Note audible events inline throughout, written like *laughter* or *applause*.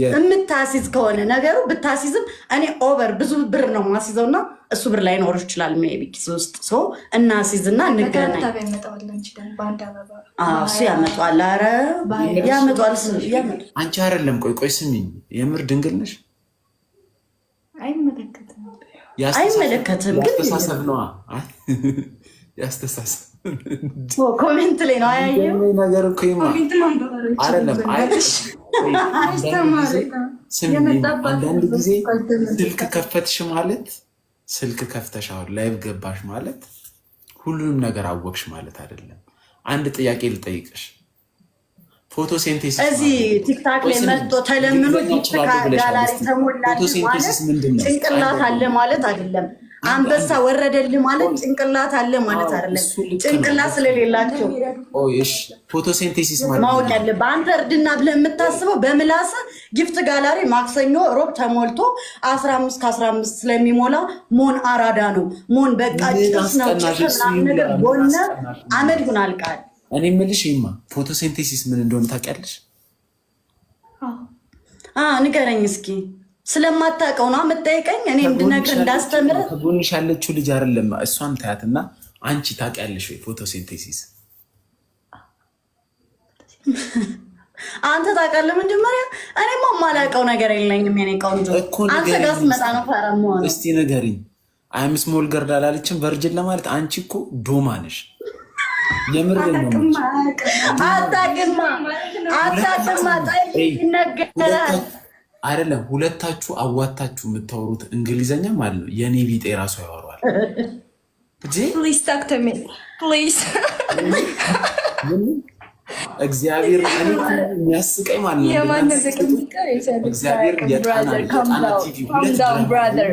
የምታሲዝ ከሆነ ነገሩ ብታሲዝም እኔ ኦቨር ብዙ ብር ነው ማሲዘው እና እሱ ብር ላይ ኖር ይችላል። ሜቢ ውስጥ ሰው እናሲዝ እና እንገናኝ። እሱ ኧረ ያመጧል። አንቺ አይደለም ቆይ ቆይ ስሚኝ፣ የምር ድንግል ነሽ? አይመለከትም፣ አይመለከትም። ግን ያስተሳሰብ ነዋ፣ ያስተሳሰብ ኮሜንት ላይ ነው ነገር እኮ አይደለም። አንዳንድ ጊዜ ስልክ ከፈትሽ ማለት ስልክ ከፍተሽ አሁን ላይቭ ገባሽ ማለት ሁሉንም ነገር አወቅሽ ማለት አይደለም። አንድ ጥያቄ ልጠይቅሽ። ፎቶሴንቴሲስ እዚህ ቲክታክ ላይ መጥቶ ተለምኖ ጋላሪ ተሞላ ነው? ጭንቅላት አለ ማለት አይደለም። አንበሳ ወረደልህ ማለት ጭንቅላት አለ ማለት አይደለም። ጭንቅላት ስለሌላቸው ፎቶሴንቴሲስ ማወቅ ያለ በአንተ እርድና ብለህ የምታስበው በምላስ ጊፍት ጋላሪ ማክሰኞ ሮብ ተሞልቶ አስራ አምስት ከአስራ አምስት ስለሚሞላ ሞን አራዳ ነው። ሞን በቃ ጭስ ነው። ጭስ ነገር ቦነ አመድ ሁን አልቃል። እኔ የምልሽ ይማ ፎቶሴንቴሲስ ምን እንደሆነ ታውቂያለሽ? ንገረኝ እስኪ ስለማታውቀው ነው የምጠይቀኝ? እኔ እንድነግር እንዳስተምር ከጎንሽ ያለችው ልጅ አይደለም። እሷን ታያትና አንቺ ታውቂያለሽ ወይ ፎቶሲንቴሲስ? አንተ ታውቃለህ? መጀመሪያ እኔማ የማላውቀው ነገር የለኝም። የእኔ ቆንጆ አንተ ጋር ስመጣ ነው ፈረም ሆነ። እስቲ ንገሪኝ። አይም ስሞል ገርድ አላለችም ቨርጅን ለማለት አንቺ እኮ ዶማ ነሽ። የምር ነው። አታውቅማ አታውቅማ ይነገራል አይደለም ሁለታችሁ አዋታችሁ የምታወሩት እንግሊዘኛ ማለት ነው። የኔ ቢጤ ራሱ ያወራዋል። እግዚአብሔር የሚያስቀኝ ማለት ነው። እግዚአብሔር የጣና ቲቪ ሁለት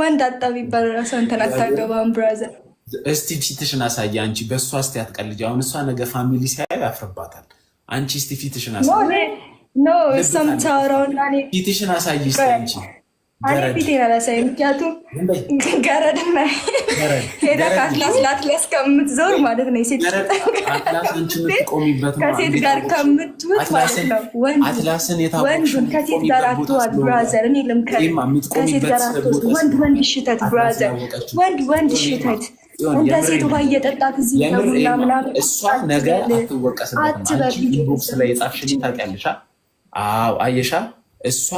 ወንድ አጣ ቢባል ራሱ አንተን አታገባም። ብራዘር እስቲ ፊትሽን አሳይ አንቺ በእሷ እስቲ አትቀልጅ። አሁን እሷ ነገ ፋሚሊ ሲያዩ ያፍርባታል። አንቺ እስቲ ፊትሽን አሳይ። ፊትሽን አሳይ እስቲ አንቺ ፊቴን አላሳይም፣ ምክንያቱም ሄዳ ከአትላስ ለአትላስ ከምትዞር ማለት ነው ከሴት ጋር ከምትውት ማለት ነው። ወንዱን ከሴት ጋር ብራዘር፣ እኔ ልምከር፣ ከሴት ጋር ወንድ ወንድ ሽተት ብራዘር፣ ወንድ ወንድ ሽተት እንደ ሴት ውሃ እየጠጣት እዚህ ምናምን እሷ ነገ ኢንቦክስ ላይ የጻፍሽልኝ አዎ አየሻ እሷ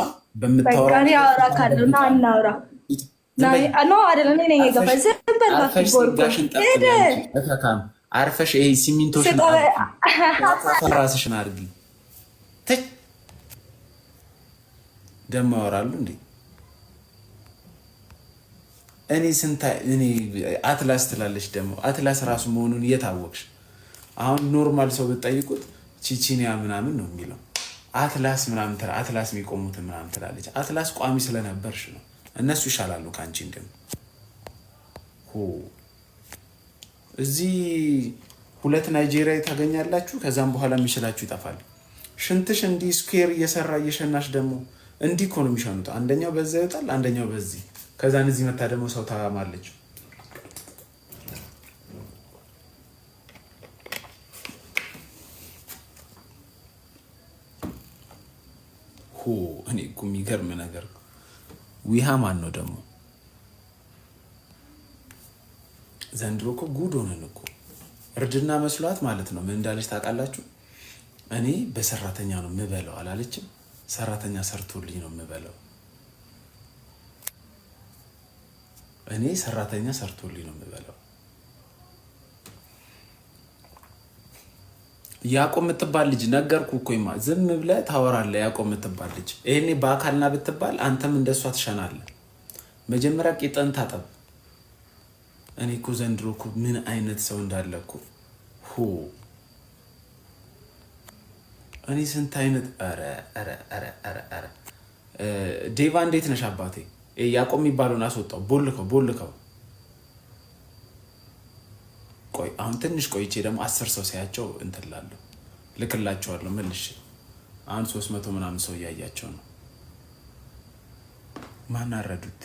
አርፈሽ ይሄ ሲሚንቶሽን ራስሽን አድርጊ። ደማ ያወራሉ እንዴ? እኔ ስንት እኔ አትላስ ትላለች። ደግሞ አትላስ ራሱ መሆኑን እየታወቅሽ አሁን ኖርማል ሰው ብትጠይቁት ቺቺኒያ ምናምን ነው የሚለው አትላስ ምናምን ትላለች። አትላስ የሚቆሙት ምናምን ትላለች። አትላስ ቋሚ ስለነበርሽ ነው። እነሱ ይሻላሉ ከአንቺ እንደም እዚህ ሁለት ናይጄሪያ ታገኛላችሁ። ከዛም በኋላ የሚችላችሁ ይጠፋል። ሽንትሽ እንዲህ ስኩዌር እየሰራ እየሸናሽ ደግሞ እንዲህ እኮ ነው የሚሸኑት። አንደኛው በዛ ይወጣል፣ አንደኛው በዚህ ከዛን እዚህ መታ ደግሞ ሰው ታማለች። እኔ እኮ የሚገርም ነገር ዊሃ ማን ነው ደግሞ? ዘንድሮ እኮ ጉድ ሆነን እኮ እርድና መስሏት ማለት ነው። ምን እንዳለች ታውቃላችሁ? እኔ በሰራተኛ ነው የምበለው አላለችም። ሰራተኛ ሰርቶልኝ ነው የምበለው። እኔ ሰራተኛ ሰርቶልኝ ነው የምበለው ያቆም የምትባል ልጅ ነገርኩ እኮ ይማ ዝም ብለ ታወራለ። ያቆም የምትባል ልጅ ይሄኔ በአካልና ብትባል አንተም እንደሷ ትሸናለ መጀመሪያ ቂጠን ታጠብ። እኔ እኮ ዘንድሮ እኮ ምን አይነት ሰው እንዳለኩ ሁ እኔ ስንት አይነት ዴቫ እንዴት ነሽ አባቴ? ያቆም የሚባለውን አስወጣው። ቦልከው ቦልከው ቆይ አሁን ትንሽ ቆይቼ ደግሞ አስር ሰው ሲያቸው እንትን እላለሁ ልክላቸዋለሁ መልሼ። አሁን ሶስት መቶ ምናምን ሰው እያያቸው ነው። ማን አረዱት?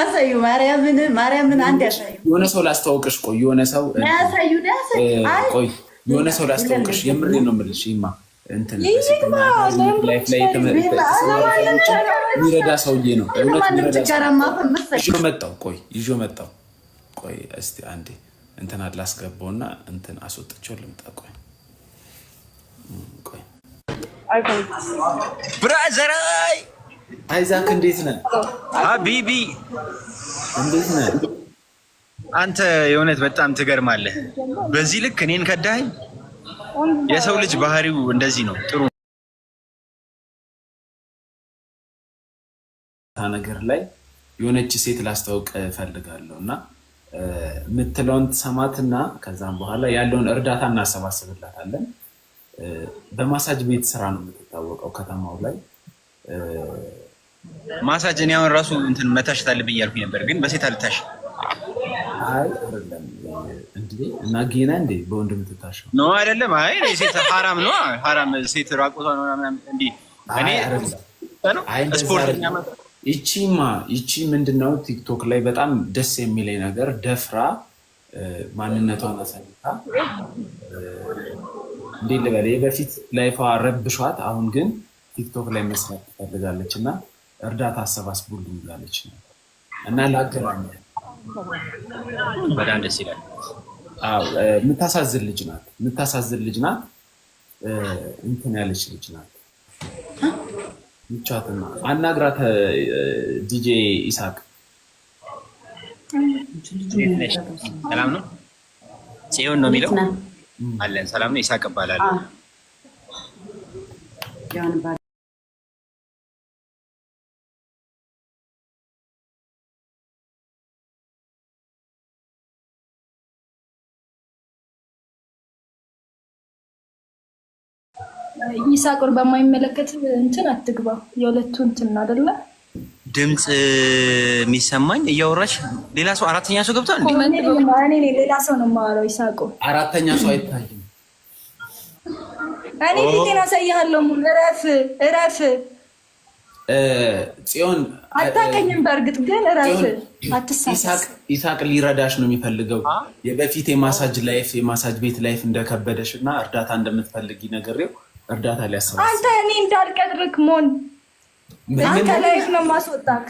ያሳዩ ማርያምን ማርያምን አንድ ያሳዩ። የሆነ ሰው ላስተዋውቅሽ። ቆይ የሆነ ሰው ያሳዩ። ቆይ የሆነ ሰው ላስተዋውቅሽ። የምሬ ነው የምልሽ ይማ ሚረዳ ሰውዬ ነው። ይዞ መጣው። ቆይ ይዞ መጣው። ቆይ እስቲ አንዴ እንትን አላስገባውና እንትን አስወጥቼው ልምጣ። ቆይ ቆይ፣ ብራዘራይ አይዛክ እንዴት ነህ? ሀቢቢ እንዴት ነህ? አንተ የእውነት በጣም ትገርማለህ። በዚህ ልክ እኔን ከዳኸኝ የሰው ልጅ ባህሪው እንደዚህ ነው። ጥሩ ነገር ላይ የሆነች ሴት ላስተዋውቅ እፈልጋለሁ እና የምትለውን ትሰማትና ከዛም በኋላ ያለውን እርዳታ እናሰባስብላታለን። በማሳጅ ቤት ስራ ነው የምትታወቀው ከተማው ላይ ማሳጅ። እኔ አሁን ራሱ እንትን መታሸት አለብኝ እያልኩኝ ነበር፣ ግን በሴት አልታሽ አይ እና ጌና እንዴ በወንድ ምትታሸው ነው አይደለም? አይ ሴት ሀራም ነው ሀራም ሴት ራቆቷ ነው እንዲህ ይቺማ ይቺ ምንድነው ቲክቶክ ላይ በጣም ደስ የሚለኝ ነገር ደፍራ ማንነቷን አሳይታ እንዴ ልበል በፊት ላይፏ ረብሿት፣ አሁን ግን ቲክቶክ ላይ መስራት ትፈልጋለች እና እርዳታ አሰባስቡልኝ ብላለች እና ላገናኛል። በጣም ደስ ይላል። የምታሳዝን ልጅ ናት። የምታሳዝን ልጅ ናት። እንትን ያለች ልጅ ናት። ምቻትና አናግራት ዲጄ ኢሳቅ ሰላም ነው። ጽዮን ነው የሚለው አለን። ሰላም ነው። ኢሳቅ እባላለሁ። ይሳቅ በማይመለከት እንትን አትግባ። የሁለቱ እንትን አደለ ድምፅ የሚሰማኝ እያወራሽ ሌላ ሰው አራተኛ ሰው ገብቷል። ሌላ ሰው ነው የማወራው። ይሳቅ አራተኛ ሰው አይታይም። እኔ ፊቴን አሳያለሁ። እረፍ እረፍ። ጽዮን አታቀኝም። በእርግጥ ግን እረፍ አትሳሳት። ይሳቅ ሊረዳሽ ነው የሚፈልገው። በፊት የማሳጅ ላይፍ የማሳጅ ቤት ላይፍ እንደከበደሽ እና እርዳታ እንደምትፈልጊ ነግሬው እርዳታ ሊያሰባ አንተ እኔ እንዳልቀድርክ ሞን ከላይ ላይ ነው ማስወጣክ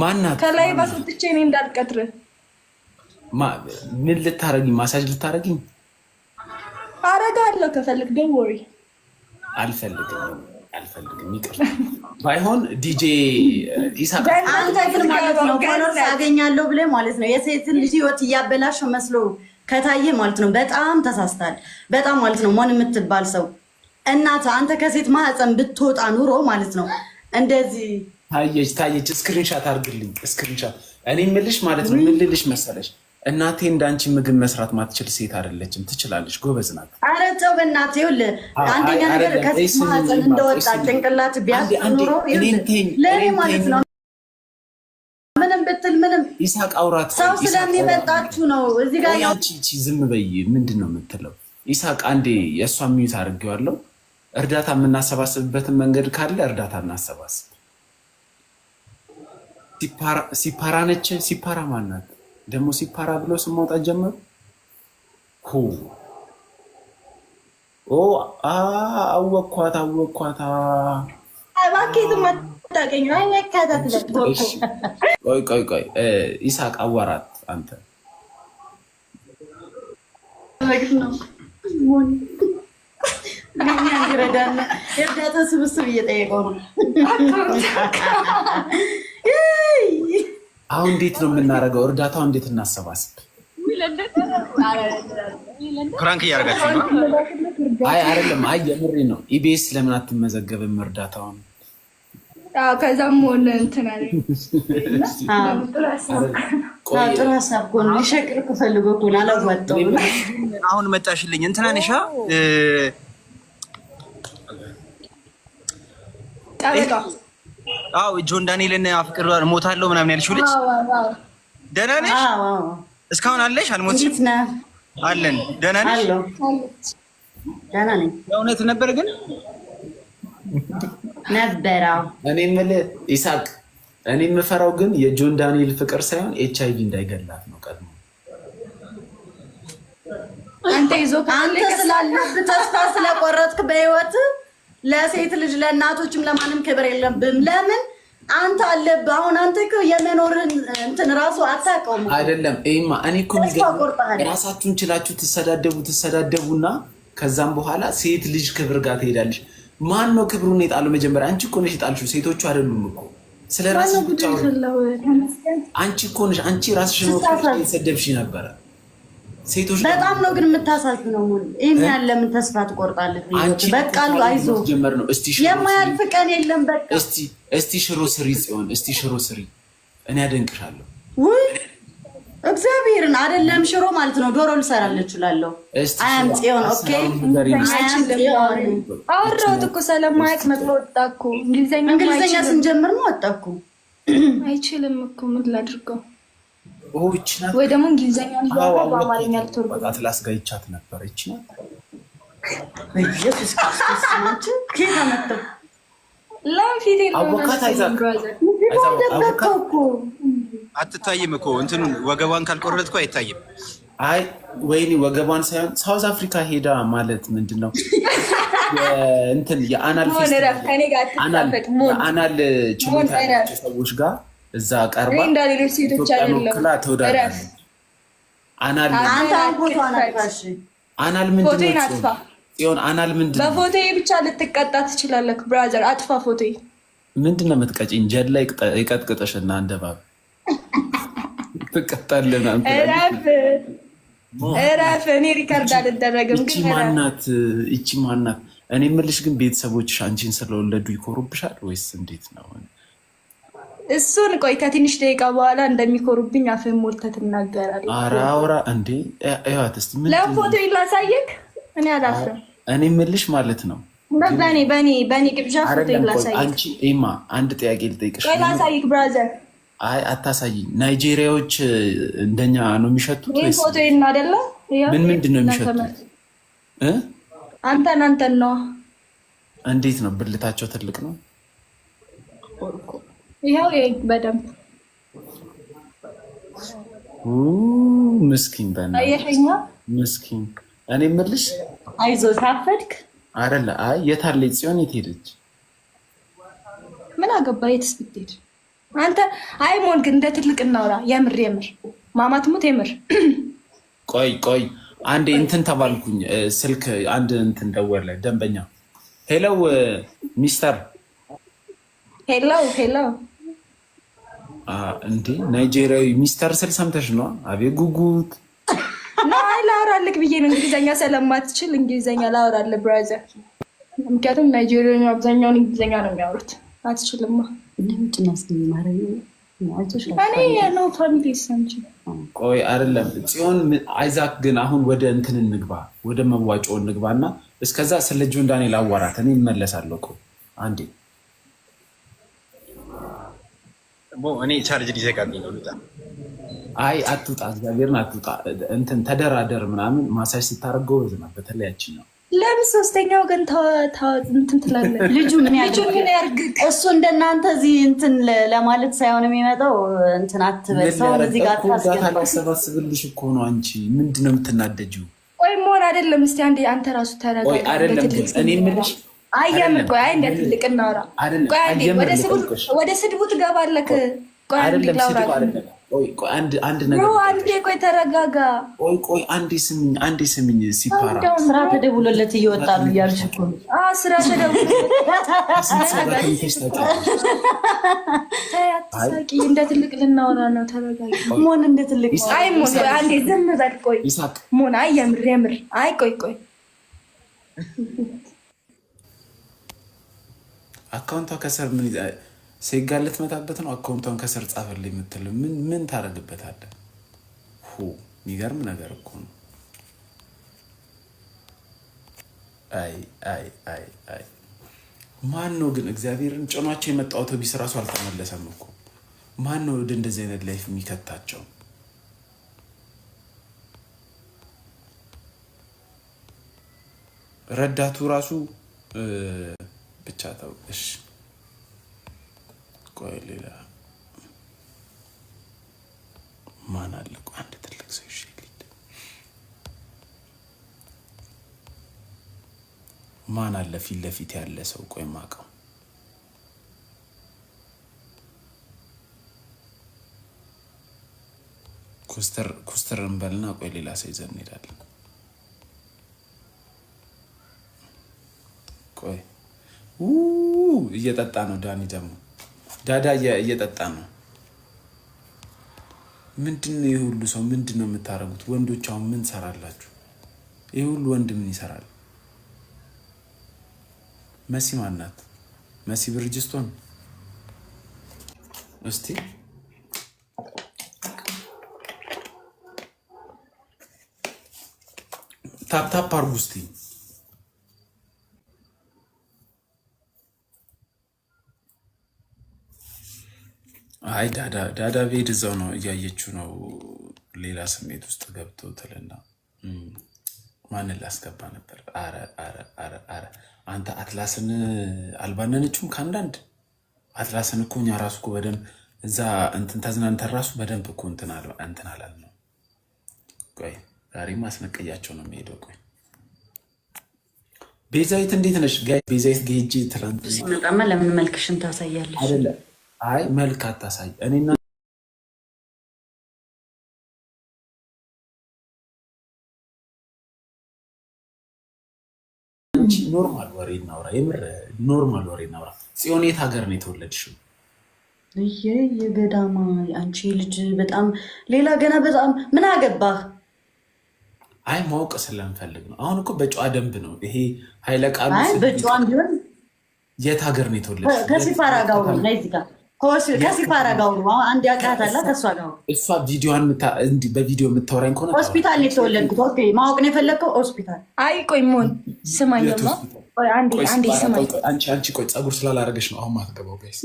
ማና ከላይ ማስወጥቼ እኔ እንዳልቀድር ምን ልታረግኝ? ማሳጅ ልታረጊኝ? አረጋለሁ ከፈልግ። ዶንት አልፈልግም፣ አልፈልግም። ይቅር ባይሆን ዲጄ ይሳቅ። ግን ማለት ነው ፎሎወርስ ያገኛለሁ ብለህ ማለት ነው የሴትን ልጅ ህይወት እያበላሸው መስሎ ከታየ ማለት ነው በጣም ተሳስታል። በጣም ማለት ነው ሞን የምትባል ሰው እናት አንተ ከሴት ማህፀን ብትወጣ ኑሮ ማለት ነው እንደዚህ ታየች ታየች። እስክሪንሻት አድርግልኝ እስክሪንሻት። እኔ ምልሽ ማለት ነው ምልልሽ መሰለሽ እናቴ እንዳንቺ ምግብ መስራት ማትችል ሴት አይደለችም። ትችላለች፣ ጎበዝ ናት። አረ ተው በእናትህ። ይኸውልህ አንደኛ ነገር ከሴት ማህፀን እንደወጣ ጭንቅላት ቢያዝ ኑሮ ለእኔ ማለት ነው ምንም ብትል ምንም ይሳቅ አውራት ሰው ስለሚመጣችሁ ነው። እዚህ ጋር ዝም በይ። ምንድን ነው የምትለው? ይሳቅ አንዴ የእሷ ሚዩት አድርጌዋለሁ እርዳታ የምናሰባስብበትን መንገድ ካለ እርዳታ እናሰባስብ። ሲፓራ ነች። ሲፓራ ማናት ደግሞ? ሲፓራ ብሎ ስም ማውጣት ጀመሩ። አወኳት አወኳት። ቆይ ቆይ ይሳቅ አዋራት አንተ የእርዳታ ስብስብ እየጠየቀው ነው። አሁን እንዴት ነው የምናደርገው? እርዳታው እንዴት እናሰባስብ? ፍራንክ እያደረጋችሁ አይ አይደለም፣ አይ የምሬ ነው። ኢቢኤስ ለምን አትመዘገብም? እርዳታውን ከዛም ሆነ እንትና ጥሩ ሀሳብ እኮ ነው። ሸቅር ክፈልጎ እኮ አሁን መጣሽልኝ እንትና ነሻ አዎ ጆን ዳንኤልን አፍቅር ሞታለሁ ምናምን ያልሽው ልጅ ደህና ነሽ? እስካሁን አለሽ? አልሞትሽም? አለን። ደህና ነሽ? ደህና ነኝ። የእውነት ነበር ግን ነበራ። እኔ የምልህ ኢሳቅ፣ እኔ የምፈራው ግን የጆን ዳንኤል ፍቅር ሳይሆን ኤች አይቪ እንዳይገላት ነው። ቀድሞ አንተ ይዞ አንተ ስላለህ ተስፋ ስለቆረጥክ በህይወት ለሴት ልጅ ለእናቶችም ለማንም ክብር የለብም። ለምን አንተ አለብህ። አሁን አንተ የመኖርህን እንትን ራሱ አታውቀውም። አይደለም ይማ እኔ እኮ ራሳችሁን ችላችሁ ትሰዳደቡ ትሰዳደቡና ከዛም በኋላ ሴት ልጅ ክብር ጋር ትሄዳለች። ማን ነው ክብሩን የጣለው? መጀመሪያ አንቺ እኮ ነሽ የጣልሽው፣ ሴቶቹ አይደሉም እኮ ስለ ራስ አንቺ እኮ ነሽ። አንቺ ራስሽ ነው የሰደብሽ ነበረ ሴቶች በጣም ነው ግን የምታሳዝነው። ይህን ያለ ምን ተስፋ ትቆርጣለህ? በቃ አይዞ ጀመር ነው እስቲ የማያልፍ ቀን የለም። በቃ እስቲ እስቲ ሽሮ ስሪ ጽዮን፣ እስቲ ሽሮ ስሪ፣ እኔ አደንቅሻለሁ። ውይ እግዚአብሔርን አይደለም ሽሮ ማለት ነው ዶሮ ልሰራለች እችላለሁ። አያም ጽዮን ኦኬ። አወራሁት እኮ ስለማያውቅ መጥሎ ወጣኩ። እንግሊዝኛ ስንጀምር ነው ወጣኩ። አይችልም እኮ ምን ላድርገው ወይ ደግሞ እንግሊዝኛ በአማርኛ ላስጋይቻት ነበር። ይች ኢየሱስ አትታይም እኮ እንትኑን ወገቧን ካልቆረጥኩ አይታይም። አይ ወይኔ ወገቧን ሳይሆን ሳውዝ አፍሪካ ሄዳ ማለት ምንድን ነው እንትን የአናል ችሎታ ሰዎች ጋር እዛ ቀርባ ወክላ ተወዳዳሪ አናል አናል ምንድን አናል ምንድን በፎቶ ብቻ ልትቀጣ ትችላለህ። ብራዘር አጥፋ ፎቶ ምንድን ነው የምትቀጭኝ? ጀላ ይቀጥቅጥሽና አንደባብ ትቀጣለህ። እረፍ። እኔ ሪከርድ አልደረግም። ግን ማናት እቺ ማናት? እኔ የምልሽ ግን ቤተሰቦችሽ አንቺን ስለወለዱ ይኮሩብሻል ወይስ እንዴት ነው? እሱን ቆይ ከትንሽ ደቂቃ በኋላ እንደሚኮሩብኝ አፍ ሞልተህ ትናገራለህ። ኧረ አውራ እንዴ ለፎቶ ላሳየክ። እኔ አላፍርም። እኔ ምልሽ ማለት ነው በኔ በኔ በኔ ግብዣ ፎቶ ላሳየክ። አንቺ ኤማ አንድ ጥያቄ ልጠይቅሽ። ላሳይክ ብራዘር። አይ አታሳይኝ። ናይጄሪያዎች እንደኛ ነው የሚሸጡት ወይስ ፎቶ አይደለ? ምን ምንድን ነው የሚሸጡት? አንተን አንተን ነው። እንዴት ነው ብልታቸው ትልቅ ነው? ይኸው በደንብ ምስኪን ምስኪን። እኔ የምልሽ አይዞህ ታፈድክ አይደለ? አይ የት ጽዮን? የት ሄደች? ምን አገባ የትስ ብትሄድ አንተ። አይ ሞን ግን እንደ ትልቅ እናውራ። የምር የምር ማማት ሙት የምር። *clears throat* ቆይ ቆይ አንዴ እንትን ተባልኩኝ። ስልክ አንድ እንትን ደወለ ደንበኛ። ሄለው ሚስተር ሄለው ሄለው እንዴ ናይጄሪያዊ ሚስተር ስል ሰምተሽ ነው? አቤት ጉጉት ናይ ላውራልክ ብዬ ነው። እንግሊዝኛ ስለማትችል እንግሊዝኛ ላውራልህ ብራዘር። ምክንያቱም ናይጄሪያ አብዛኛውን እንግሊዝኛ ነው የሚያወሩት። አትችልማ ቆይ አይደለም ጽዮን አይዛክ ግን አሁን ወደ እንትን እንግባ፣ ወደ መዋጮ እንግባ እና እስከዛ ስለ ጆን ዳንኤል አዋራት እኔ እመለሳለሁ። ቆይ አንዴ ደግሞ እኔ ቻርጅ ሊዘጋብኝ ነው ልውጣ። አይ አትውጣ፣ እግዚአብሔርን አትውጣ። እንትን ተደራደር ምናምን ማሳጅ ስታደርገው ዝና በተለያችን ነው። ለምን ሶስተኛው ግን እንትን ትላለህ? *laughs* ልጁ ምን ያድርግ? እሱ እንደናንተ እዚህ እንትን ለማለት ሳይሆን የሚመጣው እንትን አትበል። ሰውን እዚህ ጋር ታስገባሰባስብልሽ እኮ ነው። አንቺ ምንድነው የምትናደጂው? ወይ መሆን አይደለም። እስኪ አንዴ አንተ ራሱ ተረጋ። አይደለም እኔ የምልሽ አያም የምር ቆይ፣ አይ እንደ ትልቅ እናወራ ወደ ስድቡ ትገባለክ አንዴ ቆይ ተረጋጋ። ቆይ ቆይ አንዴ ስምኝ፣ አንዴ ስምኝ። ሲፓራ ስራ ተደውሎለት እየወጣሉ እያልሽ እኮ ስራ ተደውሎለት እንደ ትልቅ ልናወራ ነው። ተረጋጋ ሞን፣ እንደ ትልቅ አይ ሞን፣ አንዴ ዝም በል ቆይ ሞን። አይ የምር የምር፣ አይ ቆይ ቆይ አካውንቷ ከስር ምን ሴጋ ልትመታበት ነው። አካውንቷን ከስር ጻፈልኝ የምትል ምን ምን ታደርግበታለህ? ሁ የሚገርም ነገር እኮ ነው። አይ አይ አይ አይ ማን ነው ግን እግዚአብሔርን ጭኗቸው የመጣ አውቶቢስ ራሱ አልተመለሰም እኮ። ማን ነው ወደ እንደዚህ አይነት ላይፍ የሚከታቸው? ረዳቱ ራሱ ብቻ ተው። እሺ ቆይ ሌላ ማን አለ? ቆይ አንድ ትልቅ ሰው እሺ፣ ማን አለ? ፊት ለፊት ያለ ሰው ቆይ ማቀው ኮስተር ኮስተር እንበልና ቆይ ሌላ ሰው ይዘን እንሄዳለን። እየጠጣ ነው። ዳኒ ደግሞ ዳዳ እየጠጣ ነው። ምንድን ነው ይህ ሁሉ ሰው? ምንድን ነው የምታደርጉት ወንዶች? አሁን ምን ሰራላችሁ? ይህ ሁሉ ወንድ ምን ይሰራል? መሲ ማናት? መሲ ብርጅስቶን እስቲ ታፕታፕ አርጉ እስቲ አይ ዳዳ ዳዳ ቤድ እዛው ነው እያየችው ነው። ሌላ ስሜት ውስጥ ገብቶ ትልና ማንን ላስገባ ነበር? አረ አረ አረ አንተ አትላስን አልባነነችውም። ከአንዳንድ አትላስን እኮ እኛ ራሱ እኮ በደንብ እዛ እንትን ተዝናንተን ራሱ በደንብ እኮ እንትን አላል ነው። ቆይ ዛሬም አስነቀያቸው ነው የሚሄደው። ቆይ ቤዛዊት እንዴት ነሽ? ቤዛዊት ጌጅ ትላንት ሲመጣማ ለምን መልክሽን ታሳያለሽ? አይደለም አይ መልክ አታሳይ እኔና ኖርማል ወሬ እናውራ። የምር ኖርማል ወሬ እናውራ። ጽዮን የት ሀገር ነው የተወለድሽው? ይሄ የገዳማ አንቺ ልጅ በጣም ሌላ ገና በጣም ምን አገባህ? አይ ማወቅ ስለምፈልግ ነው። አሁን እኮ በጨዋ ደንብ ነው ይሄ ኃይለ ቃሉ። በጨዋም ቢሆን የት ሀገር ነው የተወለድሽው? ከሲፋራ ጋር ነው ዚጋ በቪዲዮ የምታወራኝ ከሆነ ሆስፒታል ነው የተወለድኩት። ኦኬ ማወቅ ነው የፈለግከው ሆስፒታል? አይ ቆይ ሞን ስማኝ አንቺ አንቺ ቆይ ፀጉር ስላላረገሽ ነው አሁን ማትገባው ጋይስ።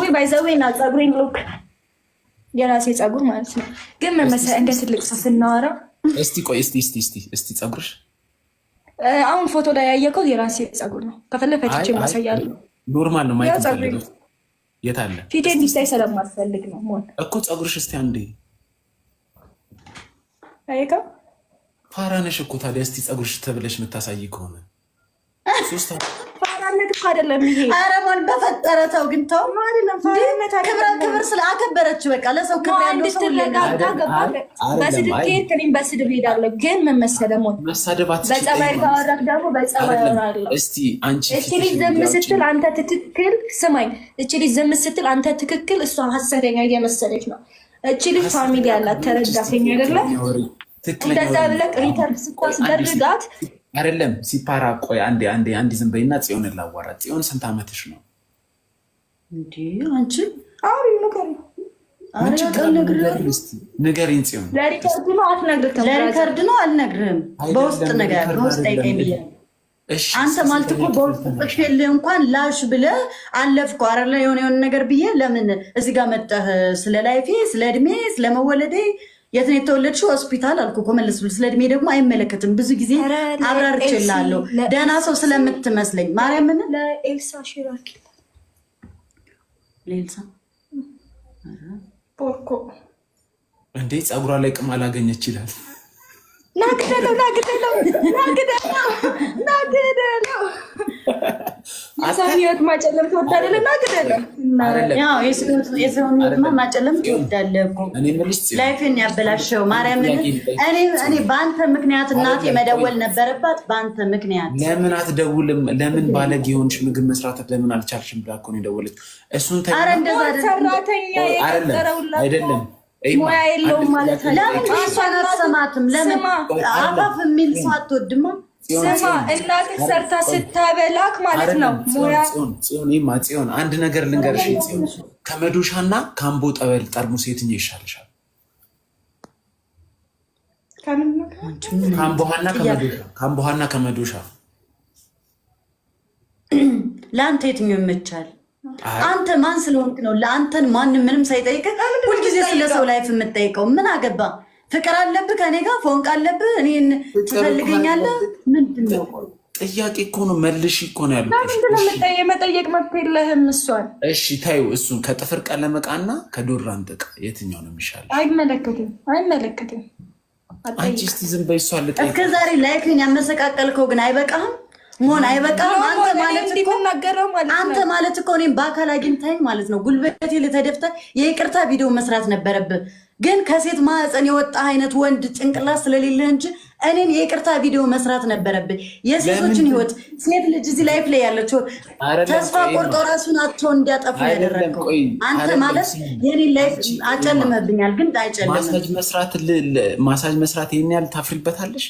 ወይ ባይዘዌ ና ፀጉሬን ሎክ የራሴ ፀጉር ማለት ነው። ግን እንደ ትልቅ ሰው ስናወራ እስቲ ቆይ እስቲ እስቲ እስቲ እስቲ ፀጉርሽ አሁን ፎቶ ላይ ያየከው የራሴ ፀጉር ነው። ማሳያለሁ። ኖርማል ነው ማየት የት አለ? ፊቴ እንዲታይ ስለማልፈልግ ነው እኮ። ፀጉርሽ እስቲ አንዴ አይከው ፓራነሽ እኮ ታዲያ። እስቲ ፀጉርሽ ተብለሽ የምታሳይ ከሆነ ሶስት አይደለም ይሄ። አረማን በፈጠረ ተው ግን ተው። ክብረ ክብር ስለአከበረች በቃ ለሰው ክብር ያለው ሰው በስድብ እኔም ግን ምን መሰለህ ሞን በጸባይ ካወራክ ደግሞ በጸባይ አወራለሁ። እቺ ልጅ ዝም ስትል አንተ ትክክል፣ ስማኝ። እቺ ልጅ ዝም ስትል አንተ ትክክል፣ እሷ ሀሰተኛ እየመሰለች ነው። እቺ ልጅ ፋሚሊ ያላት ተረዳተኛ አይደለ? እንደዛ ብለህ ሪተርስ እኮ አስደርጋት አይደለም ሲፓራ ቆይ አንዴ አንዴ አንድ ዝም በይና ጽዮንን ላዋራት ጽዮን ስንት ዓመትሽ ነው ነገር አሪ ንገሪኝ ጽዮን ለሪከርድ ነው አትነግርም ለሪከርድ አልነግርም በውስጥ ነገር በውስጥ አይቀኝ አንተ ማለት እኮ በውስጥ ጥቅል እንኳን ላሽ ብለህ አለፍኩ አረ የሆነ የሆነ ነገር ብዬ ለምን እዚህ ጋር መጣህ ስለ ላይፌ ስለ እድሜ ስለ መወለዴ የት ነው የተወለድሽው? ሆስፒታል አልኩ እኮ መለስ ብሎ። ስለ እድሜ ደግሞ አይመለከትም። ብዙ ጊዜ አብራርቼላለሁ። ደህና ሰው ስለምትመስለኝ ማርያምን ለኤልሳ ሽራኪ ለኤልሳ ፖርኮ እንዴ ጸጉሯ ላይ ቅም አላገኘች ይላል ናግደለው ናግደለው ናግ የሰውን ማጨለም ትወዳለህ እና ግደለም። ማጨለም ትወዳለህ ላይፍን ያበላሸው ማርያምን። እኔ በአንተ ምክንያት እናቴ መደወል ነበረባት። በአንተ ምክንያት ለምን አትደውልም? ለምን ባለጌ የሆንሽ ምግብ መስራት ለምን አልቻልሽም ብላ እኮ ነው የደወለችው። እሱን ሰራተኛ አይደለም ሙያ የለውም ማለት ለምን እሷን አትሰማትም? ለምን አባፍ የሚል ሰው አትወድማ ስማ እናትህ ሰርታ ስታበላክ ማለት ነው። ጽዮን አንድ ነገር ልንገርሽ፣ ጽዮን ከመዶሻና ከአምቦ ጠበል ጠርሙስ የትኛው ይሻልሻል? ከአምቦሃና ከመዶሻ ለአንተ የትኛው ይመቻል? አንተ ማን ስለሆንክ ነው ለአንተን ማንም ምንም ሳይጠይቅህ ሁልጊዜ ስለሰው ላይፍ የምትጠይቀው? ምን አገባ ፍቅር አለብህ ከኔ ጋር ፎንቅ አለብህ፣ እኔን ትፈልገኛለህ። ምንድን ነው ጥያቄ እኮ ነው፣ መልሽ እኮ ነው ያሉ የመጠየቅ መብት የለህም። እሷን እሺ ታዩ እሱን ከጥፍር ቀለም ዕቃ እና ከዶራንት የትኛው ነው የሚሻለው? አይመለከትም፣ አይመለከትም። አንቺ እስኪ ዝም በይ እሷን ልጠይቅ። እስከ ዛሬ ላይፍን ያመሰቃቀልከው ግን አይበቃህም? መሆን አይበቃም። አንተ ማለት እኮ አንተ ማለት እኮ እኔም በአካል አግኝታኝ ማለት ነው ጉልበቴ ልተደፍተ የይቅርታ ቪዲዮ መስራት ነበረብህ። ግን ከሴት ማዕፀን የወጣ አይነት ወንድ ጭንቅላት ስለሌለ እንጂ እኔን የይቅርታ ቪዲዮ መስራት ነበረብህ። የሴቶችን ህይወት ሴት ልጅ እዚህ ላይፍ ላይ ያለችው ተስፋ ቆርጦ ራሱን አቶ እንዲያጠፉ ያደረግከው አንተ ማለት የኔን ላይፍ አጨልመብኛል። ግን አይጨልም ማሳጅ መስራት ይህን ያህል ታፍሪበታለሽ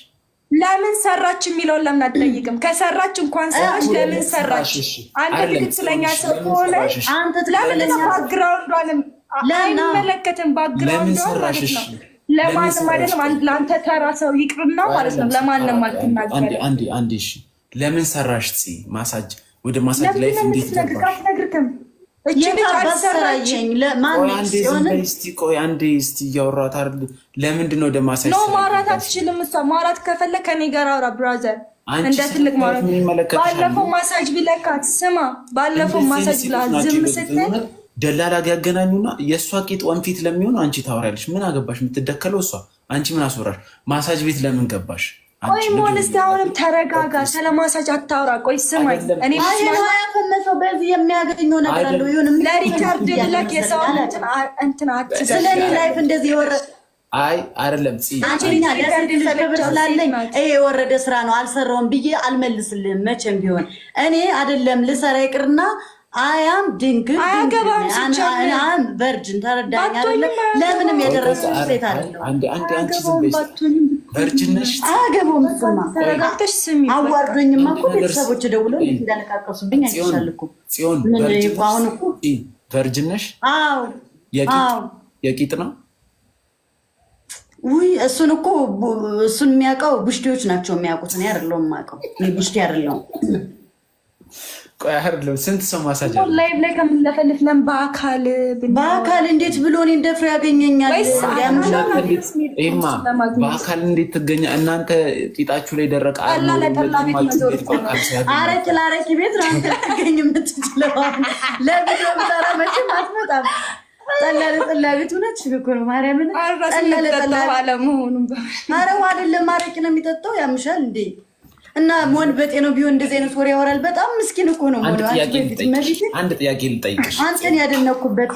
ለምን ሰራች የሚለውን ለምን አትጠይቅም? ከሰራች እንኳን ሰራች፣ ለምን ሰራች? አንተ ትክክለኛ ስለሆነ ለምን ነው ባክግራውንዷንም አይመለከትም። ባክግራውንዷን ማለት ነው ለማንም አይደለም፣ ለአንተ ተራ ሰው ይቅርና ማለት ነው ለማንም አልትናገር። አንዴ አንዴ፣ እሺ ለምን ሰራሽ? ማሳጅ ወደ ማሳጅ ላይ እንዴት ነግርካት ነግርክም ለምንድን ማውራት ከኔ ጋር አውራ ብራዘር፣ እንደ ትልቅ ባለፈው ማሳጅ ቢለካት ስማ፣ ባለፈው ማሳጅ ብላ ዝም ስትል ደላላ ያገናኙና የእሷ ቂጥ ወንፊት ለሚሆኑ አንቺ ታወሪያለሽ። ምን አገባሽ? የምትደከለው እሷ። አንቺ ምን አስወራሽ? ማሳጅ ቤት ለምን ገባሽ? ቆይ ሞን እስኪ አሁንም ተረጋጋ። ስለማሳጅ አታውራ። ቆይ ስማኝ፣ እኔ ያፈለሰው በዚህ የሚያገኘው ነገር አለ። ይሁንም ለሪቻርድ ብለህ የሰው እንትን አትበል። ስለ እኔ ላይፍ እንደዚህ የወረደ አይ አይደለም ስላለኝ ይሄ የወረደ ስራ ነው አልሰራውም ብዬ አልመልስልህም መቼም ቢሆን። እኔ አይደለም ልሰራ ይቅርና አያም ድንግ ድንግል በርጅን ተረዳኝ። ለምንም የደረሰ ሴት አለ በእርጅነሽ አገባውም ስማ፣ ተረጋግተሽ ስሚ። አዋርዶኝማ እኮ ቤተሰቦች ደውለው እንዴት እንዳነቃቀሱብኝ አይሻል ጽዮን። በአሁን እኮ በእርጅነሽ የቂጥ ነው። ውይ እሱን እኮ እሱን የሚያውቀው ቡሽቴዎች ናቸው የሚያውቁት። እኔ አይደለሁም የማውቀው ቡሽቴ አይደለሁም። አይደለም ስንት ሰው ማሳጅ ላይቭ ላይ ከምንለፈልፍ ለን በአካል በአካል እንዴት ብሎ እኔን ደፍሮ ያገኘኛል? በአካል እንዴት ትገኛ እናንተ ጢጣችሁ ላይ ደረቀ አረቂ ለአረቂ ቤት ራንተ ትገኝ የምትችለው ለቪዲዮ ብጠራ መቼም አትመጣም። ጠላለ ጠላ ቤት ሆነች ሽግግር ማርያምን ጠላለ ጠላ አለመሆኑም አረው አይደለም አረቂ ነው የሚጠጣው ያምሻል እንዴ እና መሆን በጤ ነው ቢሆን እንደዚህ አይነት ወሬ ያወራል። በጣም ምስኪን እኮ ነው። አንድ ጥያቄ ልጠይቅሽ። አንተን ያደነኩበት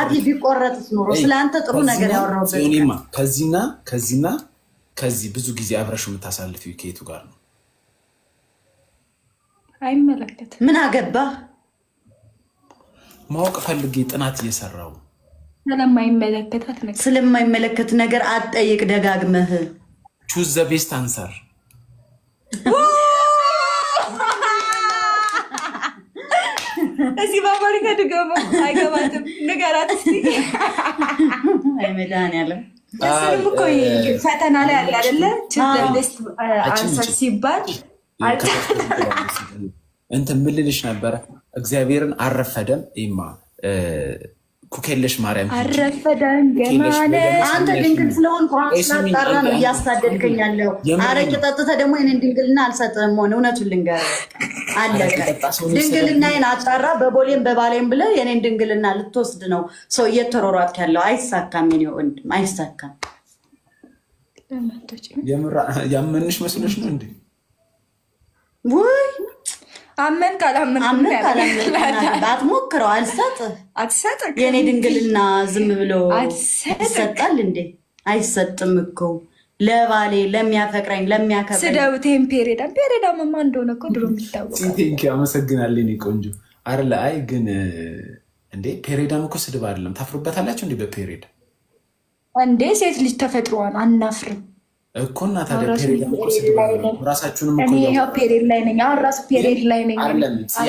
አቢ ቢቆረጥ ኖሮ ስለ አንተ ጥሩ ነገር ያወራበት። ከዚህና ከዚህና ከዚህ ብዙ ጊዜ አብረሽ የምታሳልፊው ከየቱ ጋር ነው? አይመለከትም። ምን አገባ ማወቅ ፈልጌ ጥናት እየሰራው ስለማይመለከታት ነገር ስለማይመለከት ነገር አትጠይቅ ደጋግመህ ቹዝ ዘ ቤስት አንሰር እዚህ በአሜሪካ ድገሞ አይገባትም። ንገራት እስኪ መድኃኒዓለም እሱንም ፈተና ላይ አለ አይደለ? ችግርስ አንሰር ሲባል እንትን ምልልሽ ነበረ? እግዚአብሔርን አረፈደም ይማ ኩኬለሽ ማርያም አረፈደን ገና አንተ ድንግል ስለሆንኩ ስላጣራ ነው እያሳደድከኝ ያለው። አረቄ ጠጥተህ ደግሞ ይህንን ድንግልና አልሰጥህም። ሆነ እውነቱን ልንገርህ አለቀ። ድንግልናዬን አጣራ በቦሌም በባሌም ብለህ የኔን ድንግልና ልትወስድ ነው ሰው እየተሯሯጥክ ያለው። አይሳካም፣ የኔ ወንድም አይሳካም። ያመንሽ መስሎች ነው እንዴ? ውይ አመን ካላመን አትሞክረው። አልሰጥ አትሰጥ የእኔ ድንግልና ዝም ብሎ ይሰጣል እንዴ? አይሰጥም እኮ ለባሌ ለሚያፈቅረኝ ለሚያከብረኝ። ስደውቴን ፔሬዳ ፔሬዳ መማ እንደሆነ እኮ ድሮ የሚታወቅ አመሰግናለን። ቆንጆ አርለ አይ ግን እንዴ ፔሬዳም እኮ ስድብ አይደለም። ታፍሩበታላችሁ እንዴ በፔሬዳ እንዴ ሴት ልጅ ተፈጥሮዋን አናፍርም እኮ እና ራሳችሁንም ላይ ነኝ። አሁን ራሱ ላይ ነኝ።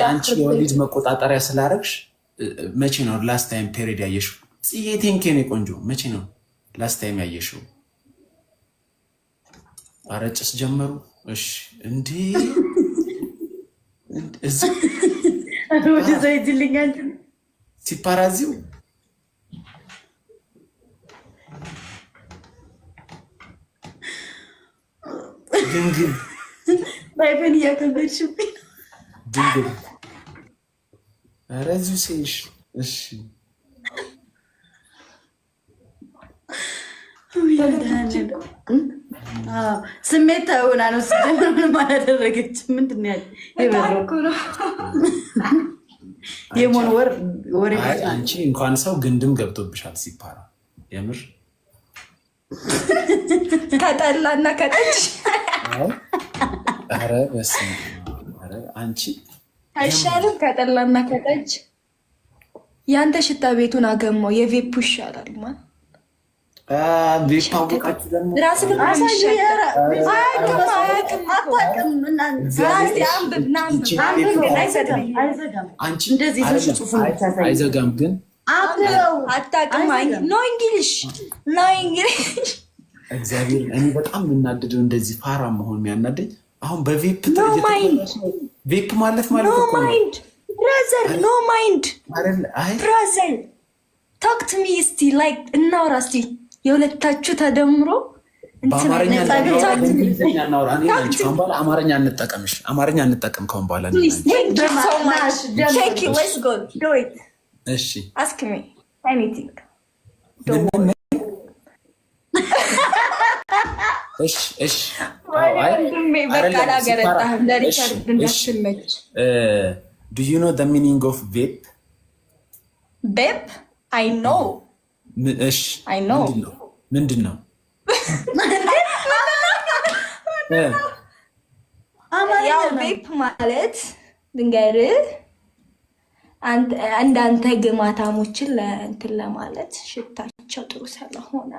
አንቺ የወሊድ መቆጣጠሪያ ስላረግሽ መቼ ነው ላስት ታይም ፔሬድ ያየሽው? ጽዬ ቴንኬ ነው ቆንጆ። መቼ ነው ላስት ታይም ያየሽው? አረጭስ ጀመሩ። እሺ እንዴ *laughs* እዚህ ወደዛ ይድልኛል ሲፓራዚው ድንግል ባይበን እያከበድሽብኝ ድንግል ረዚ ሴሽ እሺ ስሜት ሆና ነው ስጀምሮን አላደረገች። ምንድን ነው ያለ የሞን ወር ወሬ አንቺ እንኳን ሰው ግንድም ገብቶብሻል ሲፓራ የምር ከጠላና ከጠጭ ኧረ በስመ አብ አንቺ አይሻልም? ከጠላና ከጠጅ የአንተ ሽታ ቤቱን አገማው። የቬፑ ይሻላል ማለት አይዘጋም ግን አታውቅም። ኖ እንግሊሽ ኖ እንግሊሽ እግዚአብሔር እኔ በጣም የምናደደው እንደዚህ ፋራ መሆን የሚያናደኝ አሁን በቬፕ ቬፕ ማለት ማለት ብራዘር ኖ ማይንድ ብራዘር ቶክ ቱ ሚ እስቲ ላይክ እናውራ እስቲ የሁለታችሁ ተደምሮ አማርኛ እንጠቀምሽ አማርኛ እንጠቀም ከሁን በኋላ እሺ ሚኒንግ ኦፍ ቬፕ ቬፕ አይ ኖ ምንድን ነው? ያው ቬፕ ማለት ድንገርህ እንዳንተ ግማታሞችን ለእንትን ለማለት ሽታቸው ጥሩ ስለሆነ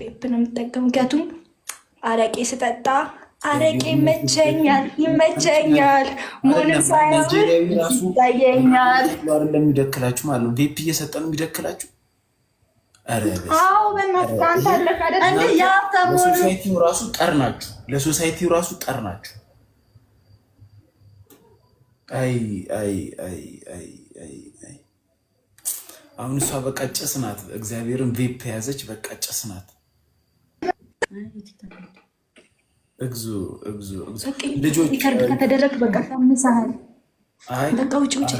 ቬፕ ነው የምጠቀም ምክንያቱም አረቄ ስጠጣ አረቄ ይመቸኛል ይመቸኛል፣ ሙን ሳይሆን ይታየኛል። እንደሚደክላችሁ ማለት ነው። ቤፕ እየሰጠ ነው የሚደክላችሁ። ለሶሳይቲው ራሱ ጠር ናችሁ። ለሶሳይቲው ራሱ ጠር ናችሁ። አይ አይ አይ አይ አይ አሁን እሷ በቃ ጭስ ናት። እግዚአብሔርን ቬፕ የያዘች በቃ ጭስ ናት። እግዙ እግዙ ልጆች ከተደረግ በቃ ሳምሳል በቃ ውጭ ውጭ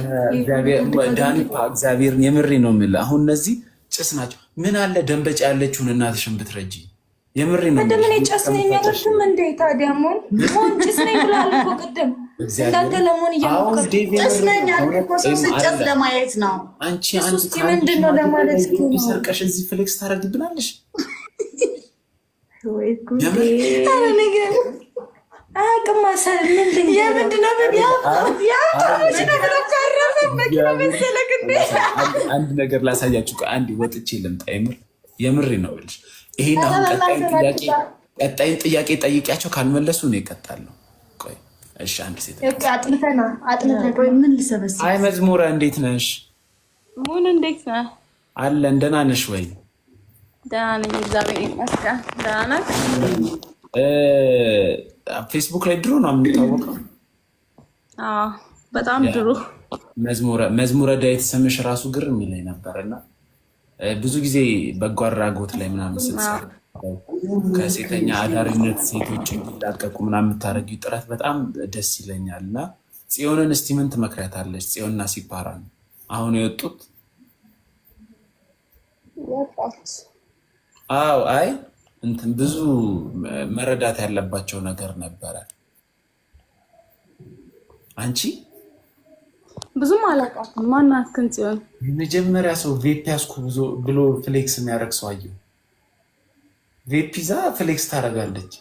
ዳኒፓ እግዚአብሔርን የምሬ ነው የምልህ። አሁን እነዚህ ጭስ ናቸው። ምን አለ ደንበጫ ያለችውን እናትሽን ብትረጂ። የምሬ ነው ቅድምን ጭስ ነው የሚያደርግም እንዴ ታዲያ ሞን ሞን ጭስ ነው ይብላል እኮ ቅድም እንዳንተ ለመሆን እያሞከጭስ ነኝ አልኮ ሰው ስጨስ ለማየት ነው። አንቺ ምንድን ነው ለማለት ሰርቀሽ እዚህ ፍሌክስ ታደርግ አንድ ነገር ላሳያችሁ። ከአንድ ወጥቼ ልምጣ። የምር የምር ነው ብልሽ ይሄን አሁን ቀጣይን ጥያቄ ጠይቂያቸው ካልመለሱ ነው ይቀጣለሁ። እሺ አንድ ሴት ምን ልሰበስብ? አይ መዝሙረ እንዴት ነሽ? ምን እንዴት ነህ? አለን ደህና ነሽ ወይ? ደህና ነኝ፣ እግዚአብሔር ይመስገን። ደህና ናት። ፌስቡክ ላይ ድሮ ነው የምንታወቀው። በጣም ድሮ መዝሙረ ዳዊት ስምሽ ራሱ ግር የሚለኝ ነበር እና ብዙ ጊዜ በጎ አድራጎት ላይ ምናምን ስትሰራ ከሴተኛ አዳሪነት ሴቶች እንዲላቀቁ ምናምን የምታደርጊው ጥረት በጣም ደስ ይለኛል እና ጽዮንን እስቲ ምን ትመክሪያታለች? ጽዮንና ነው አሁን የወጡት አዎ አይ እንትን ብዙ መረዳት ያለባቸው ነገር ነበረ። አንቺ ብዙም አላውቃትም። ማናት ግን ጽዮን የመጀመሪያ ሰው ቬፕ ያስኩ ብሎ ፍሌክስ የሚያደርግ ሰው አየሁ። ቬፕ ይዛ ፍሌክስ ታደርጋለች።